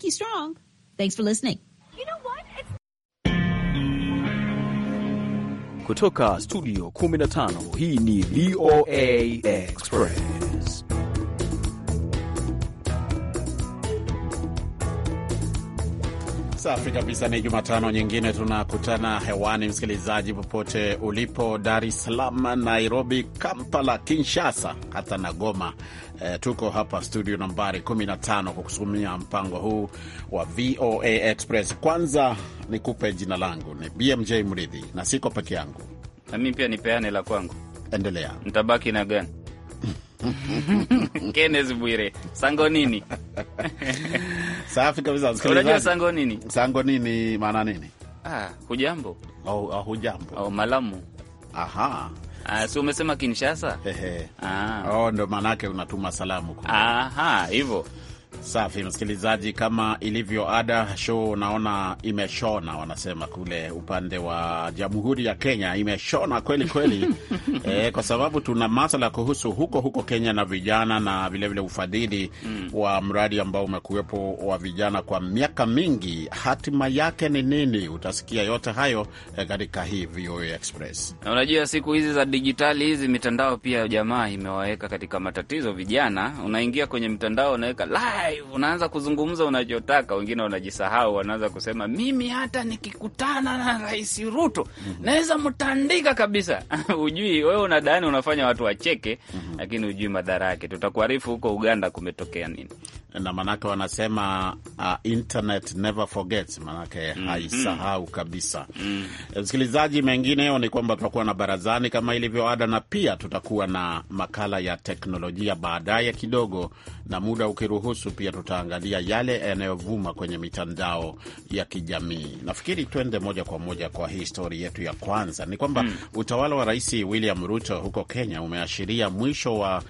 Nikki Strong. Thanks for listening. You know what? It's... Kutoka Studio 15, hii ni VOA Express. Safi kabisa, ni Jumatano nyingine tunakutana hewani, msikilizaji popote ulipo, Dar es Salaam, Nairobi, Kampala, Kinshasa hata na Goma. E, tuko hapa studio nambari 15 kukusumia mpango huu wa VOA Express. Kwanza nikupe jina langu ni BMJ Mridhi na siko peke yangu, nami pia nipeane la kwangu. Endelea, mtabaki na gani? Kenneth Bwire, sango nini? Safi kabisa. Unajua sango nini? Sango nini maana nini? Ah, hujambo? oh, hujambo? oh, malamu. Aha. Ah, si umesema Kinshasa? Ehe. Ah. Oh, ndo maanake unatuma salamu. Aha, hivyo. Safi msikilizaji, kama ilivyo ada, show naona imeshona, wanasema kule upande wa Jamhuri ya Kenya imeshona kweli kweli. E, kwa sababu tuna masala kuhusu huko huko Kenya na vijana na vilevile ufadhili mm, wa mradi ambao umekuwepo wa vijana kwa miaka mingi, hatima yake ni nini? Utasikia yote hayo eh, katika hii VOA Express. Na unajua siku hizi za dijitali hizi mitandao pia jamaa imewaweka katika matatizo vijana. Unaingia kwenye mtandao unaweka live unaanza kuzungumza unachotaka, wengine wanajisahau, wanaanza kusema mimi hata nikikutana na Rais Ruto mm -hmm. naweza mtandika kabisa ujui wewe unadhani unafanya watu wacheke mm -hmm. lakini ujui madhara yake. Tutakuarifu huko Uganda kumetokea nini na maanake wanasema uh, internet never forgets, maanake mm -hmm. haisahau kabisa. Mhm. Msikilizaji mm. mengineyo ni kwamba tutakuwa na barazani kama ilivyo ada, na pia tutakuwa na makala ya teknolojia baadaye kidogo, na muda ukiruhusu, pia tutaangalia yale yanayovuma kwenye mitandao ya kijamii. Nafikiri twende moja kwa moja kwa hii stori yetu ya kwanza, ni kwamba mm. utawala wa Rais William Ruto huko Kenya umeashiria mwisho wa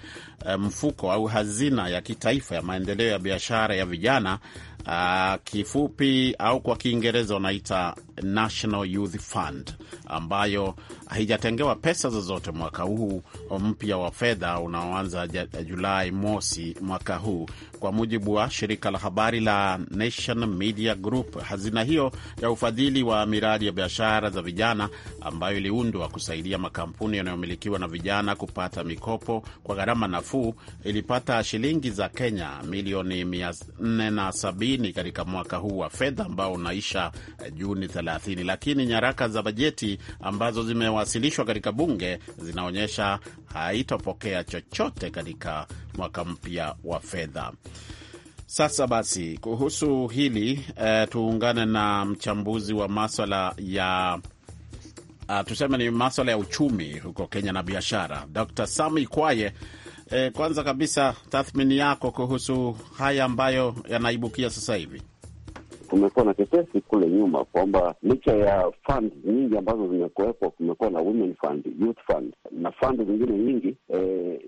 Eh, mfuko au hazina ya kitaifa ya maendeleo ya biashara ya vijana, ah, kifupi au kwa Kiingereza wanaita National Youth Fund ambayo haijatengewa pesa zozote mwaka huu mpya wa fedha unaoanza Julai mosi mwaka huu, kwa mujibu wa shirika la habari la Nation Media Group. Hazina hiyo ya ufadhili wa miradi ya biashara za vijana ambayo iliundwa kusaidia makampuni yanayomilikiwa na vijana kupata mikopo kwa gharama nafuu ilipata shilingi za Kenya milioni 470 katika mwaka huu wa fedha ambao unaisha eh, Juni 30. 30, lakini nyaraka za bajeti ambazo zimewasilishwa katika bunge zinaonyesha haitopokea chochote katika mwaka mpya wa fedha. Sasa basi, kuhusu hili eh, tuungane na mchambuzi wa maswala ya Uh, tuseme ni maswala ya uchumi huko Kenya na biashara, Dr. Sami Kwaye. Eh, kwanza kabisa tathmini yako kuhusu haya ambayo yanaibukia sasa hivi? kumekuwa na tetesi kule nyuma kwamba licha ya fund nyingi ambazo zimekuwepo, kumekuwa na women fund, youth fund na fund zingine nyingi e,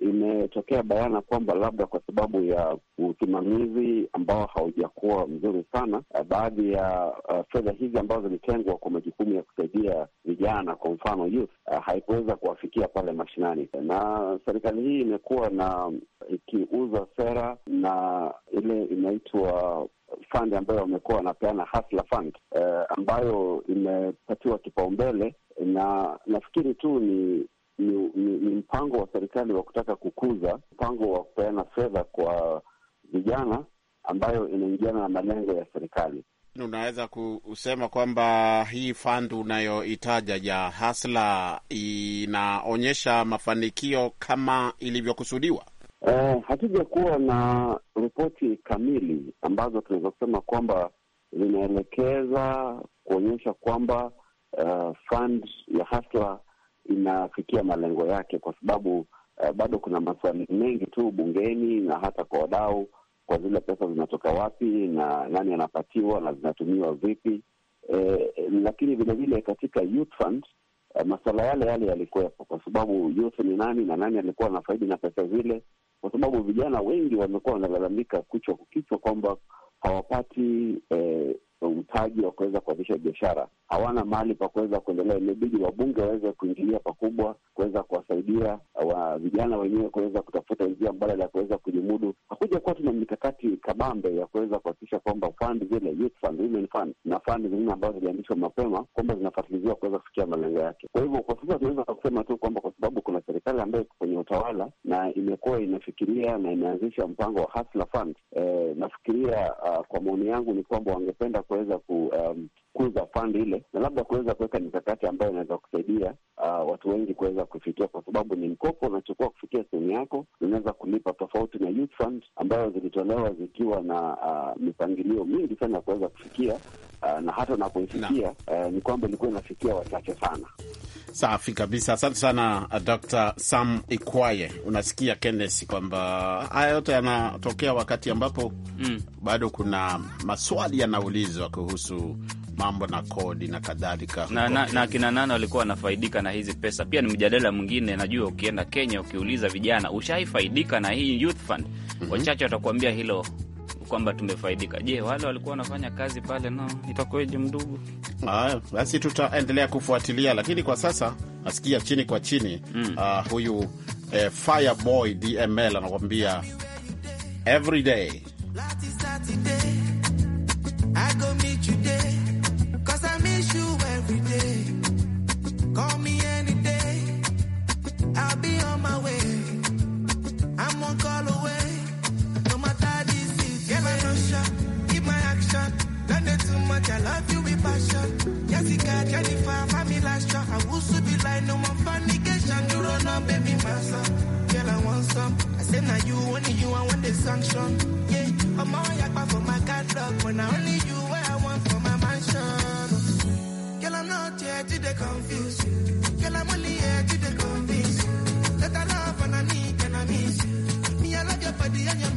imetokea bayana kwamba labda kwa sababu ya usimamizi ambao haujakuwa mzuri sana, eh, baadhi ya uh, fedha hizi ambazo zilitengwa kwa majukumu ya kusaidia vijana, kwa mfano youth, uh, haikuweza kuwafikia pale mashinani, na serikali hii imekuwa na ikiuza sera na ile inaitwa fund ambayo wamekuwa wanapeana hasla Fund eh, ambayo imepatiwa kipaumbele na nafikiri tu ni ni, ni ni mpango wa serikali wa kutaka kukuza mpango wa kupeana fedha kwa vijana ambayo inaingiana na malengo ya serikali. Unaweza kusema kwamba hii fund unayoitaja ya Hasla inaonyesha mafanikio kama ilivyokusudiwa? Eh, hatujakuwa na ripoti kamili ambazo tunaweza kusema kwamba zinaelekeza kuonyesha kwamba uh, fund ya hasla inafikia malengo yake, kwa sababu uh, bado kuna maswali mengi tu bungeni na hata kwa wadau, kwa zile pesa zinatoka wapi na nani anapatiwa na zinatumiwa vipi. Eh, lakini vilevile katika youth fund Eh, masuala yale yale yalikuwepo, kwa sababu yote ni nani na nani alikuwa anafaidi na pesa zile, kwa sababu vijana wengi wamekuwa wanalalamika kuchwa kukichwa kwamba hawapati eh, mtaji wa kuweza kuanzisha biashara, hawana mahali pa kuweza kuendelea. Imebidi wabunge waweze kuingilia pakubwa, kuweza kuwasaidia uh, wa vijana wenyewe kuweza kutafuta njia mbadala ya kuweza kujimudu. Hakuja kuwa tuna mikakati kabambe ya kuweza kuhakikisha kwamba fund zile youth fund, women fund na fund zingine ambazo zilianzishwa mapema kwamba zinafatiliziwa kuweza kufikia malengo yake. Kwa hivyo kwa sasa tunaweza kusema tu kwamba kwa sababu kuna serikali ambayo iko kwenye utawala na imekuwa inafikiria na imeanzisha mpango wa Hustler Fund. E, nafikiria uh, kwa maoni yangu ni kwamba wangependa kuweza ku um, kukuza fund ile na labda kuweza kuweka mikakati ambayo inaweza kusaidia uh, watu wengi kuweza kufikia, kwa sababu ni mkopo unachukua kufikia sehemu yako, unaweza kulipa, tofauti na youth fund ambayo zilitolewa zikiwa na uh, mipangilio mingi sana ya kuweza kufikia uh, na hata unapoifikia uh, ni kwamba ilikuwa inafikia wachache sana. Safi kabisa, asante sana Dr. Sam Ikwaye. Unasikia Kennes kwamba haya yote yanatokea wakati ambapo mm. bado kuna maswali yanaulizwa kuhusu mambo na kodi na kadhalika na, na, na kina nana walikuwa wanafaidika na hizi pesa. Pia ni mjadala mwingine, najua ukienda Kenya ukiuliza vijana ushaifaidika na hii youth fund mm -hmm. wachache watakuambia hilo kwamba tumefaidika. Je, wale walikuwa wanafanya kazi pale no, itakuwaje mdugu? Ah, basi tutaendelea kufuatilia, lakini kwa sasa nasikia chini kwa chini mm. Uh, huyu eh, Fireboy DML anakuambia everyday you, only you, I want the sanction. Yeah, I'm all yakpa for my catalog. but I only you, where I want for my mansion. Girl, I'm not here to the confuse you. Girl, I'm only here to the convince you. That I love and I need and I miss you. Me, I love your body and your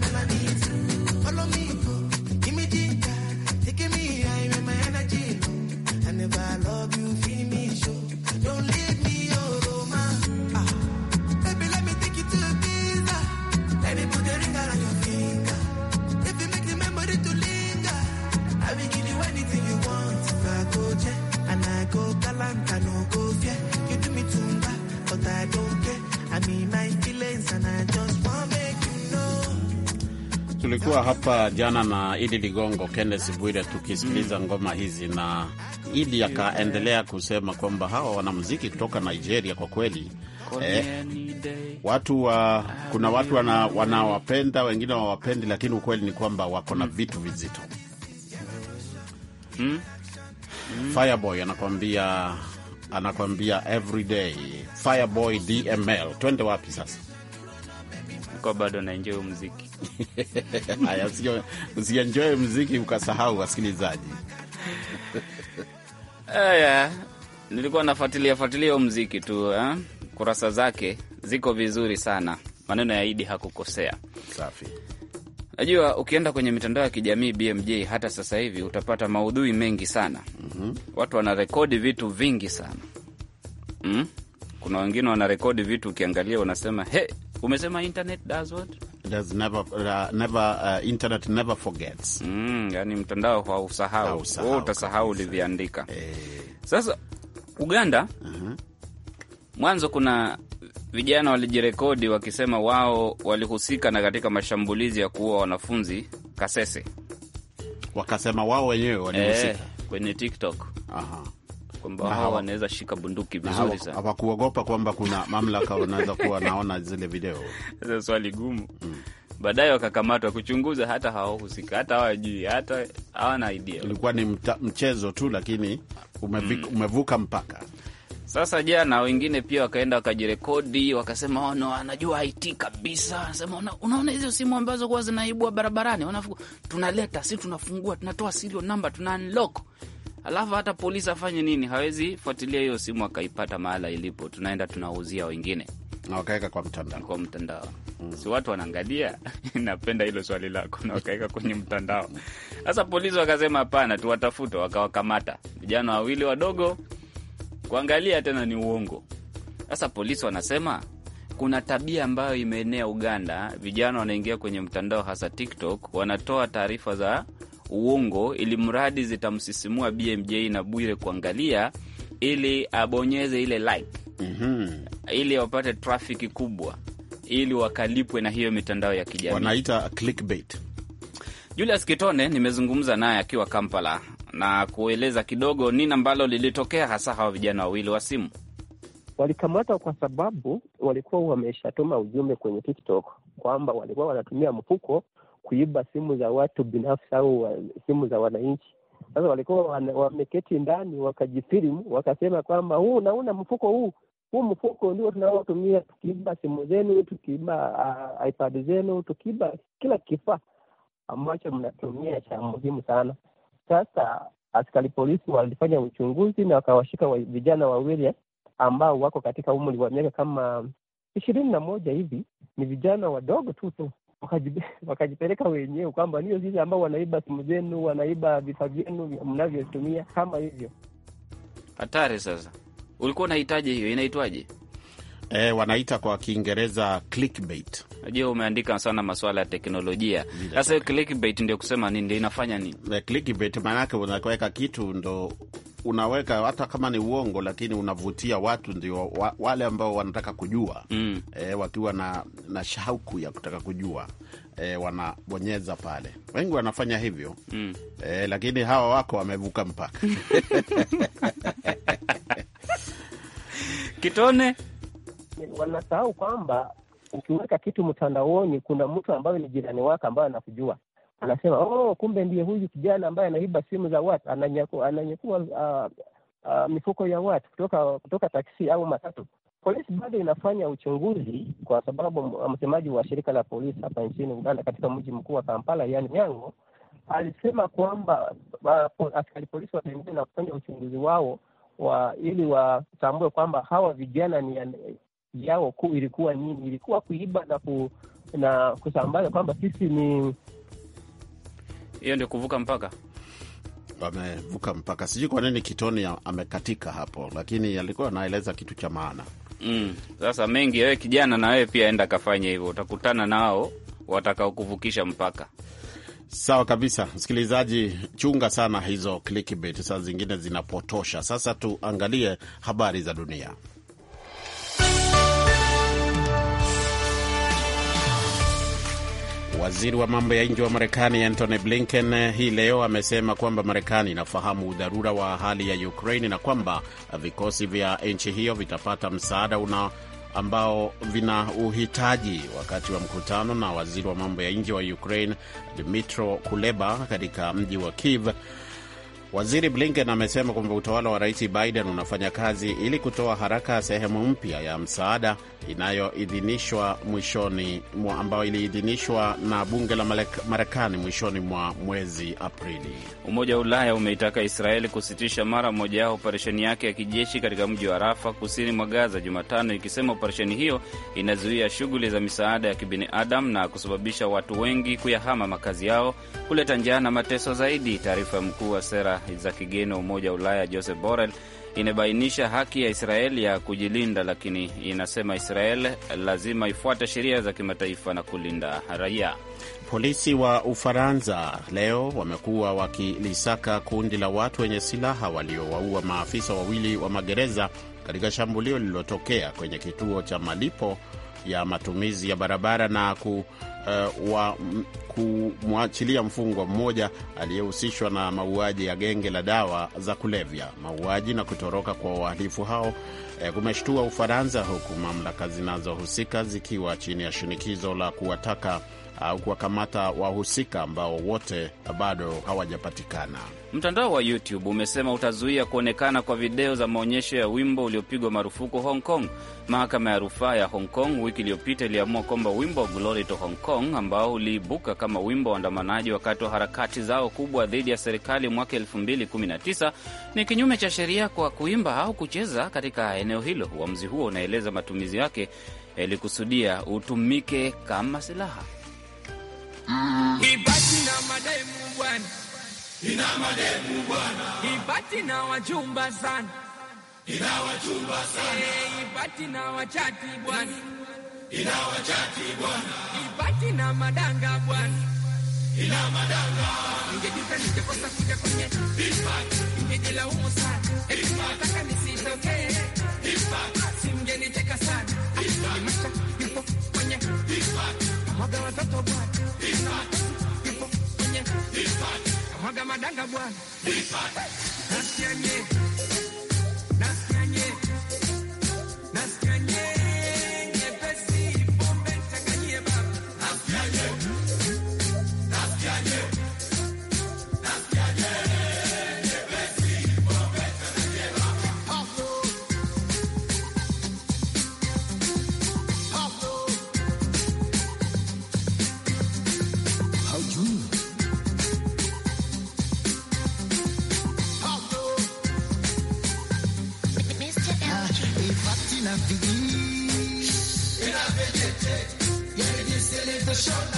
tulikuwa hapa jana na Idi Ligongo, Kennes Bwire, tukisikiliza mm. ngoma hizi, na Idi akaendelea kusema kwamba hawa wanamuziki kutoka Nigeria kwa kweli eh, watu wa, kuna watu wana, wanawapenda wengine wawapendi, lakini ukweli ni kwamba wako na mm. vitu vizito mm. mm. Fireboy anakwambia anakwambia everyday Fireboy DML, twende wapi sasa? nilikuwa bado naenjoy muziki. Haya, usienjoy muziki ukasahau wasikilizaji. Haya, nilikuwa nafuatilia fuatilia muziki tu ha? Eh? kurasa zake ziko vizuri sana, maneno ya Idi hakukosea. Safi. Najua ukienda kwenye mitandao ya kijamii BMJ, hata sasa hivi utapata maudhui mengi sana. mm -hmm. Watu wanarekodi vitu vingi sana mm? Kuna wengine wanarekodi vitu, ukiangalia unasema he, Umesema internet does what? Does never, uh, never, uh, internet never forgets. Mm, yani mtandao hausahau, utasahau ulivyoandika. Eh. Sasa Uganda uh -huh. Mwanzo kuna vijana walijirekodi wakisema wao walihusika na katika mashambulizi ya kuua wanafunzi Kasese, wakasema wao wenyewe walihusika eh, kwenye TikTok. Aha kwamba hawa wanaweza shika bunduki vizuri sana, hawakuogopa kwamba kuna mamlaka wanaweza kuwa naona zile video. Sasa swali gumu mm. Baadaye wakakamatwa kuchunguza, hata hawahusika, hata hawajui, hata hawana idea. Ilikuwa ni mta, mchezo tu, lakini umevika, mm. umevuka mpaka. Sasa jana wengine pia wakaenda wakajirekodi, wakasema ono, oh, anajua IT kabisa, anasema una, unaona hizo simu ambazo kuwa zinaibwa barabarani, wanafu tunaleta si tunafungua, tunatoa serial number, tuna unlock alafu hata polisi afanye nini? Hawezi fuatilia hiyo simu akaipata mahala ilipo, tunaenda tunauzia wengine na wakaweka kwa mtandao, kwa mtandao. Mm. Si watu wanaangalia. Napenda hilo swali lako, na wakaweka kwenye mtandao. Sasa polisi wakasema hapana, tuwatafute, wakawakamata vijana wawili wadogo, kuangalia tena ni uongo. Sasa polisi wanasema kuna tabia ambayo imeenea Uganda, vijana wanaingia kwenye mtandao, hasa TikTok, wanatoa taarifa za uongo, ili mradi zitamsisimua BMJ na Bwire kuangalia, ili abonyeze ile like mm -hmm. ili wapate trafiki kubwa, ili wakalipwe na hiyo mitandao ya kijamii wanaita clickbait. Julius Kitone nimezungumza naye akiwa Kampala na kueleza kidogo nini ambalo lilitokea hasa. Hawa vijana wawili wa simu walikamatwa kwa sababu walikuwa wameshatuma ujumbe kwenye TikTok kwamba walikuwa wanatumia mfuko kuiba simu za watu binafsi au wa, simu za wananchi. Sasa walikuwa wameketi ndani wakajifilimu, wakasema kwamba huu nauna mfuko huu huu mfuko ndio tunaotumia tukiiba simu zenu, tukiiba uh, iPad zenu, tukiiba kila kifaa ambacho mnatumia cha muhimu sana. Sasa askari polisi walifanya uchunguzi na wakawashika wa, vijana wawili ambao wako katika umri wa miaka kama ishirini na moja hivi. Ni vijana wadogo tu tu, wakajipeleka wenyewe kwamba ndio sisi ambao wanaiba simu zenu, wanaiba vifaa vyenu mnavyotumia kama hivyo. Hatari sasa. Ulikuwa unahitaji hiyo, inaitwaje? E, wanaita kwa Kiingereza clickbait. Najua umeandika sana masuala ya teknolojia. Sasa clickbait ndio kusema nini, ndio inafanya nini? Eh, clickbait maanake unaweka kitu ndo unaweka hata kama ni uongo, lakini unavutia watu, ndio wa, wale ambao wanataka kujua mm. E, wakiwa na, na shauku ya kutaka kujua e, wanabonyeza pale. Wengi wanafanya hivyo mm. E, lakini hawa wako wamevuka mpaka kitone wanasahau kwamba ukiweka kitu mtandaoni, kuna mtu ambaye ni jirani wako ambaye anakujua Ah. anasema oh, kumbe ndiye huyu kijana ambaye anaiba simu za watu, ananyakua, ananyakua uh, uh, mifuko ya watu kutoka kutoka taksi au matatu. Polisi bado inafanya uchunguzi, kwa sababu msemaji wa shirika la polisi hapa nchini Uganda katika mji mkuu wa Kampala, yani Nyango, alisema kwamba askari polisi wataendelea na kufanya uchunguzi wao wa ili watambue kwamba hawa vijana ni yao kuu ilikuwa nini, ilikuwa kuiba na, ku, na kusambaza kwamba sisi ni hiyo ndio kuvuka mpaka amevuka mpaka. Sijui kwa nini Kitoni amekatika hapo, lakini alikuwa anaeleza kitu cha maana mm. Sasa mengi wewe kijana, na wewe pia enda kafanya hivyo, utakutana nao watakaokuvukisha mpaka. Sawa kabisa, msikilizaji, chunga sana hizo clickbait, saa zingine zinapotosha. Sasa tuangalie habari za dunia. Waziri wa mambo ya nje wa Marekani Antony Blinken hii leo amesema kwamba Marekani inafahamu udharura wa hali ya Ukraini na kwamba vikosi vya nchi hiyo vitapata msaada una ambao vina uhitaji wakati wa mkutano na waziri wa mambo ya nje wa Ukraine Dmytro Kuleba katika mji wa Kiev Waziri Blinken amesema kwamba utawala wa Rais Biden unafanya kazi ili kutoa haraka sehemu mpya ya msaada inayoidhinishwa mwishoni ambayo iliidhinishwa na bunge la Marekani mwishoni mwa mwezi Aprili. Umoja wa Ulaya umeitaka Israeli kusitisha mara moja ya operesheni yake ya kijeshi katika mji wa Rafa kusini mwa Gaza Jumatano, ikisema operesheni hiyo inazuia shughuli za misaada ya kibinadamu na kusababisha watu wengi kuyahama makazi yao, kuleta njaa na mateso zaidi. Taarifa ya mkuu wa sera za kigeni wa Umoja wa Ulaya Joseph Borrell inabainisha haki ya Israeli ya kujilinda, lakini inasema israel lazima ifuate sheria za kimataifa na kulinda raia. Polisi wa Ufaransa leo wamekuwa wakilisaka kundi la watu wenye silaha waliowaua maafisa wawili wa magereza katika shambulio lililotokea kwenye kituo cha malipo ya matumizi ya barabara na ku uh, kumwachilia mfungwa mmoja aliyehusishwa na mauaji ya genge la dawa za kulevya. Mauaji na kutoroka kwa wahalifu hao eh, kumeshtua Ufaransa, huku mamlaka zinazohusika zikiwa chini ya shinikizo la kuwataka au uh, kuwakamata wahusika ambao wote bado hawajapatikana. Mtandao wa YouTube umesema utazuia kuonekana kwa video za maonyesho ya wimbo uliopigwa marufuku Hong Kong. Mahakama ya rufaa ya Hong Kong wiki iliyopita iliamua kwamba wimbo wa Glory to Hong Kong ambao uliibuka kama wimbo wa waandamanaji wakati wa harakati zao kubwa dhidi ya serikali mwaka 2019 ni kinyume cha sheria kwa kuimba au kucheza katika eneo hilo. Uamuzi huo unaeleza matumizi yake yalikusudia utumike kama silaha mm ina mademu bwana, ibati na wachumba sana, ina wachumba sana, eh, ibati na wachati bwana, ina wachati bwana, ibati na madanga bwana, ina madanga. Ningejuta kosa kuja kwenye ibati, ningejilaumu sana, ibati nataka nisitokee, ibati simgenicheka sana, ibati ipo kwenye ibati, mwaga watoto bwana, ibati ipo kwenye ibati mwaga madanga bwana Show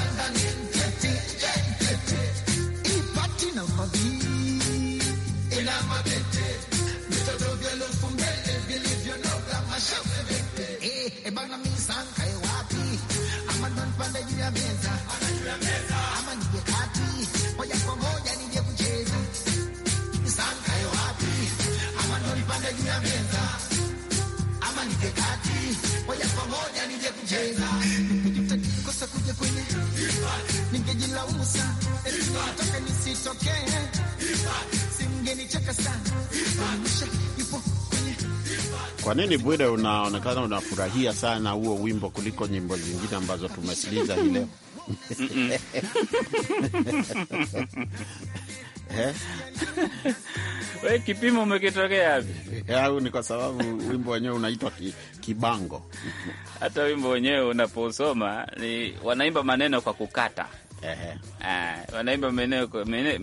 sana kwa nini Bwire, unaonekana unafurahia sana huo wimbo kuliko nyimbo zingine ambazo tumesikiliza hii leo? Eh? We, kipimo umekitokea hapi eh, Au ni kwa sababu wimbo wenyewe unaitwa ki, Kibango? Hata wimbo wenyewe unaposoma ni wanaimba maneno kwa kukata Eh, wanaimba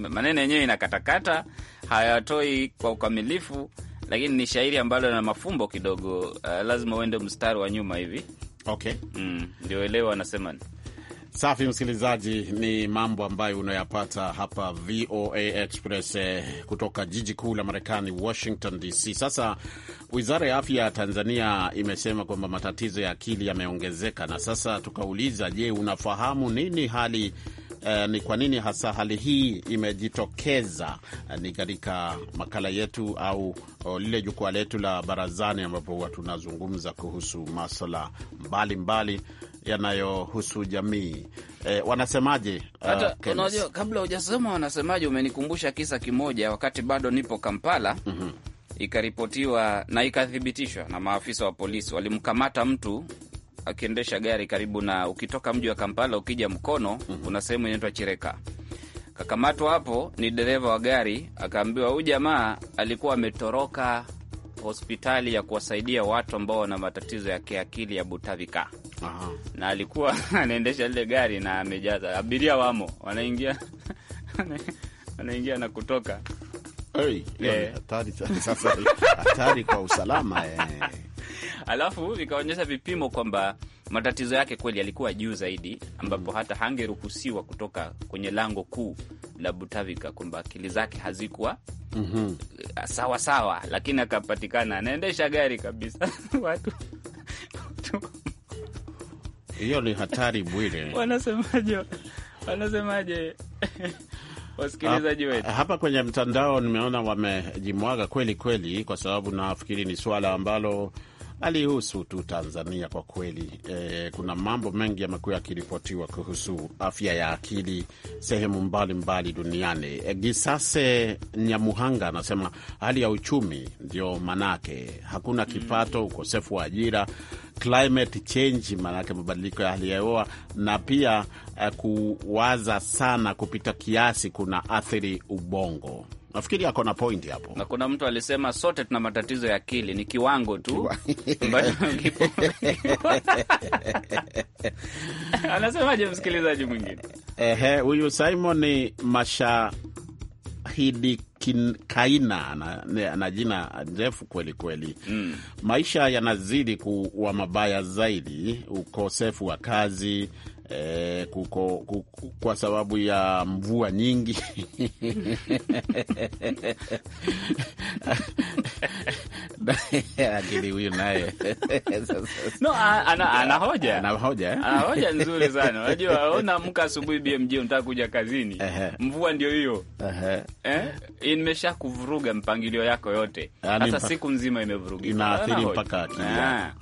maneno yenyewe inakatakata, hayatoi kwa ukamilifu, lakini ni shairi ambalo lina mafumbo kidogo. Uh, lazima uende mstari wa nyuma hivi, okay. Mm, ndio elewa anasema Safi msikilizaji, ni mambo ambayo unayapata hapa VOA Express eh, kutoka jiji kuu la Marekani, Washington DC. Sasa wizara ya afya ya Tanzania imesema kwamba matatizo ya akili yameongezeka, na sasa tukauliza, je, unafahamu nini hali Uh, ni kwa nini hasa hali hii imejitokeza? Uh, ni katika makala yetu au uh, lile jukwaa letu la barazani ambapo huwa tunazungumza kuhusu maswala mbalimbali yanayohusu jamii e, wanasemaje? Uh, unajua kabla hujasema wanasemaje, umenikumbusha kisa kimoja wakati bado nipo Kampala. mm -hmm. Ikaripotiwa na ikathibitishwa na maafisa wa polisi, walimkamata mtu akiendesha gari karibu na, ukitoka mji wa Kampala ukija Mkono, mm -hmm. sehemu inaitwa Chireka kakamatwa hapo. Ni dereva wa gari, akaambiwa huyu jamaa alikuwa ametoroka hospitali ya kuwasaidia watu ambao wana matatizo ya kiakili ya Butavika. Aha. na alikuwa anaendesha lile gari na amejaza abiria, wamo wanaingia wanaingia na kutoka. Eh. Hatari, kwa usalama eh. Alafu ikaonyesha vipimo kwamba matatizo yake kweli yalikuwa juu zaidi, ambapo mm. hata hangeruhusiwa kutoka kwenye lango kuu la Butavika, kwamba akili zake hazikuwa mm -hmm. sawa sawa, lakini akapatikana anaendesha gari kabisa watu hiyo ni hatari Bwire. Wanasemaje? Wanasemaje? wasikilizaji wetu hapa kwenye mtandao, nimeona wamejimwaga kweli kweli, kwa sababu nafikiri ni suala ambalo alihusu tu Tanzania kwa kweli. E, kuna mambo mengi yamekuwa yakiripotiwa kuhusu afya ya akili sehemu mbalimbali mbali duniani. E, Gisase Nyamuhanga anasema hali ya uchumi ndio manake, hakuna mm. kipato, ukosefu wa ajira climate change, maanake mabadiliko ya hali ya hewa, na pia uh, kuwaza sana kupita kiasi kuna athiri ubongo. Nafikiri ako na point hapo, na kuna mtu alisema sote tuna matatizo ya akili, ni kiwango tu anasemaje msikilizaji mwingine? Ehe, huyu Simon Masha Hidikaina na, na jina ndefu kweli kweli. Mm. Maisha yanazidi kuwa mabaya zaidi, ukosefu wa kazi eh, kuko, kuko, kwa sababu ya mvua nyingi akili huyu naye no, ana hoja eh? ana hoja nzuri sana. Unajua, unaamka asubuhi BMJ, unataka kuja kazini, mvua ndio hiyo eh, imesha kuvuruga mpangilio yako yote, hasa yaani siku nzima imevurugika, inaathiri mpaka akili ah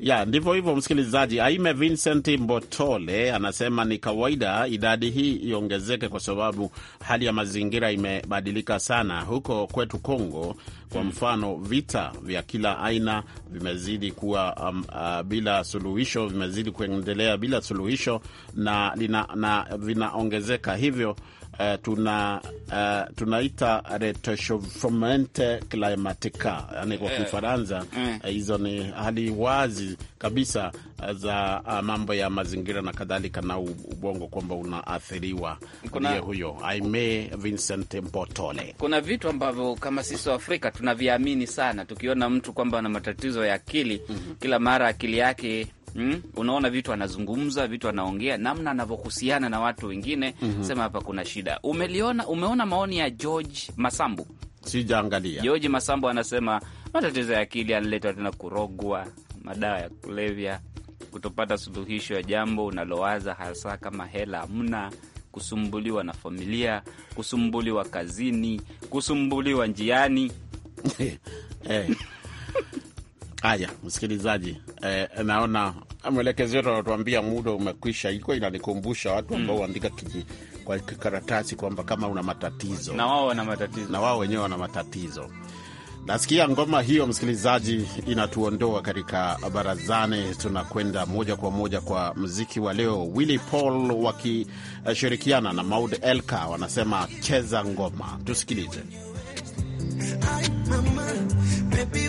ya ndivyo hivyo, msikilizaji. Aime Vincent Mbotole anasema ni kawaida idadi hii iongezeke kwa sababu hali ya mazingira imebadilika sana huko kwetu Kongo. Kwa hmm. mfano, vita vya kila aina vimezidi kuwa um, uh, bila suluhisho, vimezidi kuendelea bila suluhisho na, na vinaongezeka hivyo uh, tuna uh, tunaita retochauffement climatique, yani kwa eh. Kifaransa hizo ni hali wazi kabisa za uh, mambo ya mazingira na kadhalika na ubongo kwamba unaathiriwa. Ndiye huyo Aime Vincent Mpotole. Kuna vitu ambavyo kama sisi afrika tunaviamini sana, tukiona mtu kwamba ana matatizo ya akili mm -hmm. kila mara akili yake mm? Unaona vitu anazungumza, vitu anaongea, namna anavyohusiana na watu wengine mm -hmm. Sema hapa kuna shida. Umeliona, umeona maoni ya George Masambu? Sijaangalia. George Masambu anasema matatizo ya akili analetwa tena kurogwa, madawa ya kulevya, kutopata suluhisho ya jambo unalowaza, hasa kama hela hamna kusumbuliwa na familia, kusumbuliwa kazini, kusumbuliwa njiani. hey, eh. hey. Haya, msikilizaji, eh, naona eh, mwelekezi wetu anatuambia muda umekwisha. Ilikuwa inanikumbusha watu hmm. ambao huandika kiji kwa kikaratasi kwamba kama una matatizo na wao wana matatizo, na wao wenyewe wana matatizo. Nasikia ngoma hiyo, msikilizaji, inatuondoa katika barazani. Tunakwenda moja kwa moja kwa mziki wa leo, Willy Paul wakishirikiana na Maud Elka wanasema cheza ngoma, tusikilize. I, mama, baby,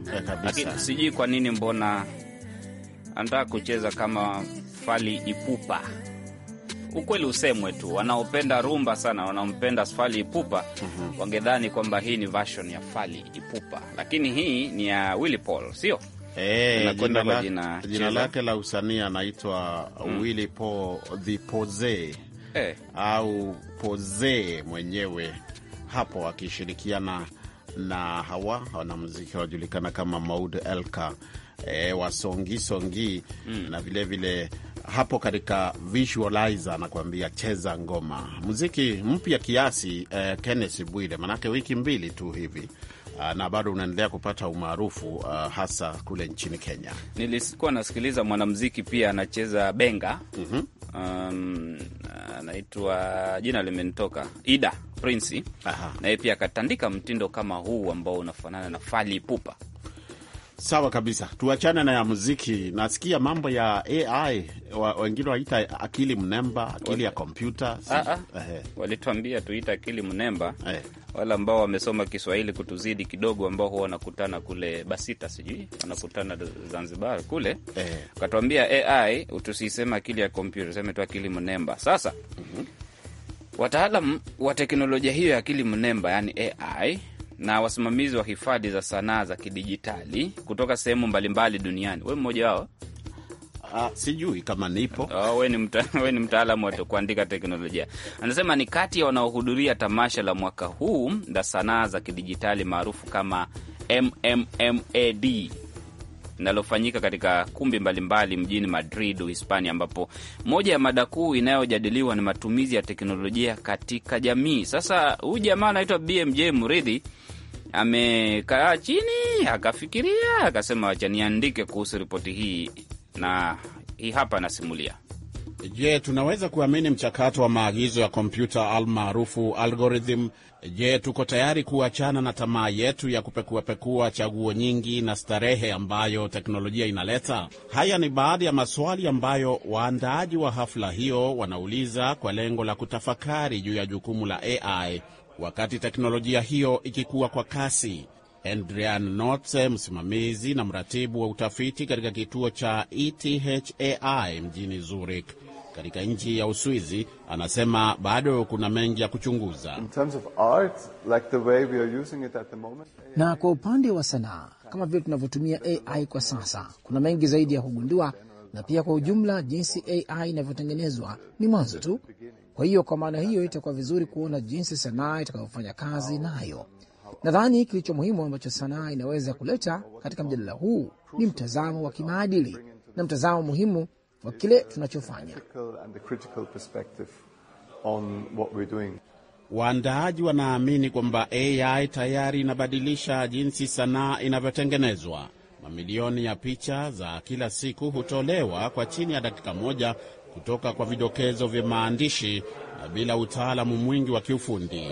kabisa. Sijui kwa nini, mbona anataka kucheza kama fali Ipupa. Ukweli usemwe tu, wanaopenda rumba sana, wanaompenda fali Ipupa mm -hmm. wangedhani kwamba hii ni version ya fali Ipupa, lakini hii ni ya Willy Paul, sio? Hey, eh, jina, jina lake la usanii anaitwa mm. Willy Paul the Pose hey. Eh. au Pose mwenyewe hapo akishirikiana na hawa wanamuziki wanajulikana kama Maud Elka e, wasongi songi mm. na vilevile vile, hapo katika visualizer anakuambia cheza ngoma, muziki mpya kiasi. e, Kenneth Bwire, manake wiki mbili tu hivi Ah, na bado unaendelea kupata umaarufu uh, hasa kule nchini Kenya. Nilikuwa nasikiliza mwanamziki pia anacheza benga mm -hmm. Um, anaitwa jina limenitoka, Ida Prince, naye pia akatandika mtindo kama huu ambao unafanana na fali pupa Sawa kabisa, tuachane na ya muziki. Nasikia mambo ya AI wengine wa waita akili mnemba, akili ya kompyuta ah, ah. walituambia tuita akili mnemba eh. Wale ambao wamesoma Kiswahili kutuzidi kidogo, ambao huwa wanakutana kule BASITA, sijui wanakutana Zanzibar kule eh. Katuambia AI tusisema akili ya kompyuta, tuseme tu akili mnemba. Sasa mm -hmm. wataalam wa teknolojia hiyo ya akili mnemba, yani AI na wasimamizi wa hifadhi za sanaa za kidijitali kutoka sehemu mbalimbali duniani. We mmoja wao? Ah, sijui kama nipo. Oh, we ni mta, we ni mtaalamu wa kuandika teknolojia. Anasema ni kati ya wanaohudhuria tamasha la mwaka huu la sanaa za kidijitali maarufu kama MMMAD linalofanyika katika kumbi mbalimbali mbali mjini Madrid, Uhispania, ambapo moja ya mada kuu inayojadiliwa ni matumizi ya teknolojia katika jamii. Sasa huyu jamaa anaitwa BMJ Muridhi amekaa chini akafikiria, akasema wacha niandike kuhusu ripoti hii, na hii hapa anasimulia. Je, tunaweza kuamini mchakato wa maagizo ya kompyuta almaarufu algorithm? Je, tuko tayari kuachana na tamaa yetu ya kupekuapekua chaguo nyingi na starehe ambayo teknolojia inaleta? Haya ni baadhi ya maswali ambayo waandaaji wa hafla hiyo wanauliza kwa lengo la kutafakari juu ya jukumu la AI wakati teknolojia hiyo ikikuwa kwa kasi. andrian Notse, msimamizi na mratibu wa utafiti katika kituo cha ETHAI mjini Zurich, katika nchi ya Uswizi anasema bado kuna mengi ya kuchunguza. Na kwa upande wa sanaa, kama vile tunavyotumia AI kwa sasa, kuna mengi zaidi ya kugundua, na pia kwa ujumla jinsi AI inavyotengenezwa ni mwanzo tu. Kwa hiyo kwa maana hiyo itakuwa vizuri kuona jinsi sanaa itakavyofanya kazi nayo. Nadhani kilicho muhimu ambacho sanaa inaweza kuleta katika mjadala huu ni mtazamo wa kimaadili na mtazamo muhimu kwa kile tunachofanya. Waandaaji wanaamini kwamba AI tayari inabadilisha jinsi sanaa inavyotengenezwa. Mamilioni ya picha za kila siku hutolewa kwa chini ya dakika moja kutoka kwa vidokezo vya maandishi na bila utaalamu mwingi wa kiufundi.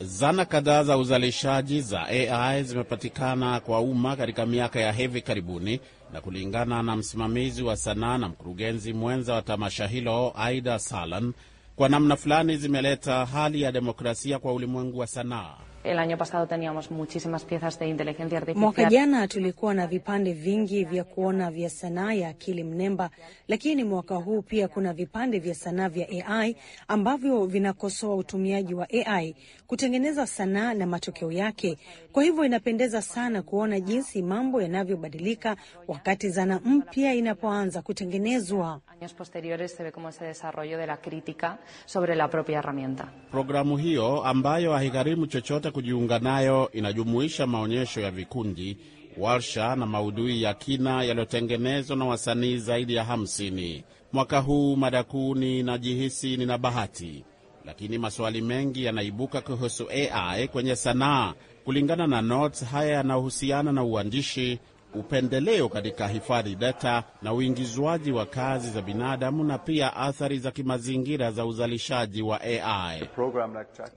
Zana kadhaa za uzalishaji za AI zimepatikana kwa umma katika miaka ya hivi karibuni na kulingana na msimamizi wa sanaa na mkurugenzi mwenza wa tamasha hilo Aida Salan, kwa namna fulani zimeleta hali ya demokrasia kwa ulimwengu wa sanaa. El año pasado teníamos muchísimas piezas de inteligencia artificial. Mwaka jana tulikuwa na vipande vingi vya kuona vya sanaa ya akili mnemba, lakini mwaka huu pia kuna vipande vya sanaa vya AI ambavyo vinakosoa utumiaji wa AI kutengeneza sanaa na matokeo yake. Kwa hivyo inapendeza sana kuona jinsi mambo yanavyobadilika wakati zana mpya inapoanza kutengenezwa. Años posteriores se ve como ese desarrollo de la crítica sobre la propia herramienta. Programu hiyo ambayo haigharimu chochote inayotaka kujiunga nayo inajumuisha maonyesho ya vikundi, warsha na maudhui ya kina yaliyotengenezwa na wasanii zaidi ya 50. Mwaka huu mada kuu ni najihisi nina bahati, lakini maswali mengi yanaibuka kuhusu AI kwenye sanaa. Kulingana na Notes, haya yanahusiana na uandishi, upendeleo katika hifadhi data na uingizwaji wa kazi za binadamu na pia athari za kimazingira za uzalishaji wa AI.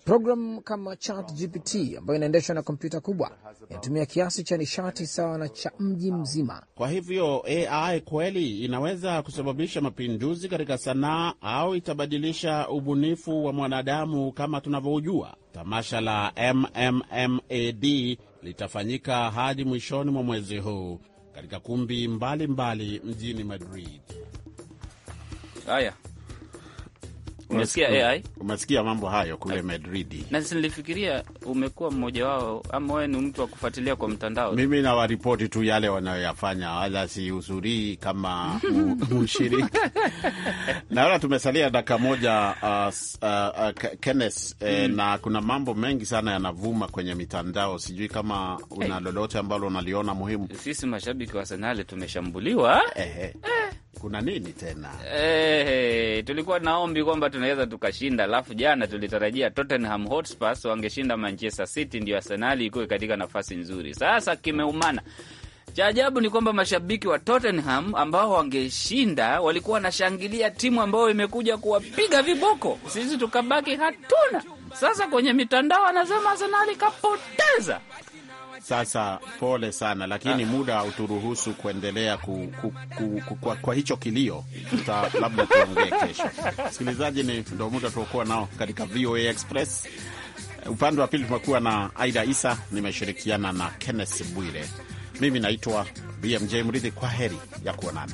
Programu kama ChatGPT ambayo inaendeshwa na kompyuta kubwa inatumia kiasi cha nishati sawa na cha mji mzima. Kwa hivyo AI kweli inaweza kusababisha mapinduzi katika sanaa au itabadilisha ubunifu wa mwanadamu kama tunavyoujua. Tamasha la MMMAD litafanyika hadi mwishoni mwa mwezi huu katika kumbi mbalimbali mbali mjini Madrid. Haya, Umesikia AI, umesikia mambo hayo kule Madrid. na nilifikiria umekuwa mmoja wao, ama wewe ni mtu wa kufuatilia kwa mtandao. Mimi nawaripoti tu yale wanayoyafanya, wala sihudhurii kama mshiriki. Naona tumesalia dakika moja, uh, uh, uh, eh, mm. eh, na kuna mambo mengi sana yanavuma kwenye mitandao, sijui kama una hey. lolote ambalo unaliona muhimu. Sisi mashabiki wa Arsenal tumeshambuliwa eh, eh. Eh kuna nini tena? Hey, hey, tulikuwa naombi kwamba tunaweza tukashinda, alafu jana tulitarajia Tottenham Hotspur wangeshinda Manchester City ndio asenali ikuwe katika nafasi nzuri. Sasa kimeumana. Cha ajabu ni kwamba mashabiki wa Tottenham ambao wangeshinda walikuwa wanashangilia timu ambayo imekuja kuwapiga viboko, sisi tukabaki hatuna. Sasa kwenye mitandao anasema senali kapoteza. Sasa pole sana, lakini muda uturuhusu kuendelea ku, ku, ku, ku, kwa, kwa hicho kilio tuta, labda tuongee kesho. Msikilizaji, ni ndo muda tuokuwa nao katika VOA Express. Upande wa pili tumekuwa na Aida Isa, nimeshirikiana na Kenneth Bwire. Mimi naitwa BMJ Mridhi, kwa heri ya kuonana.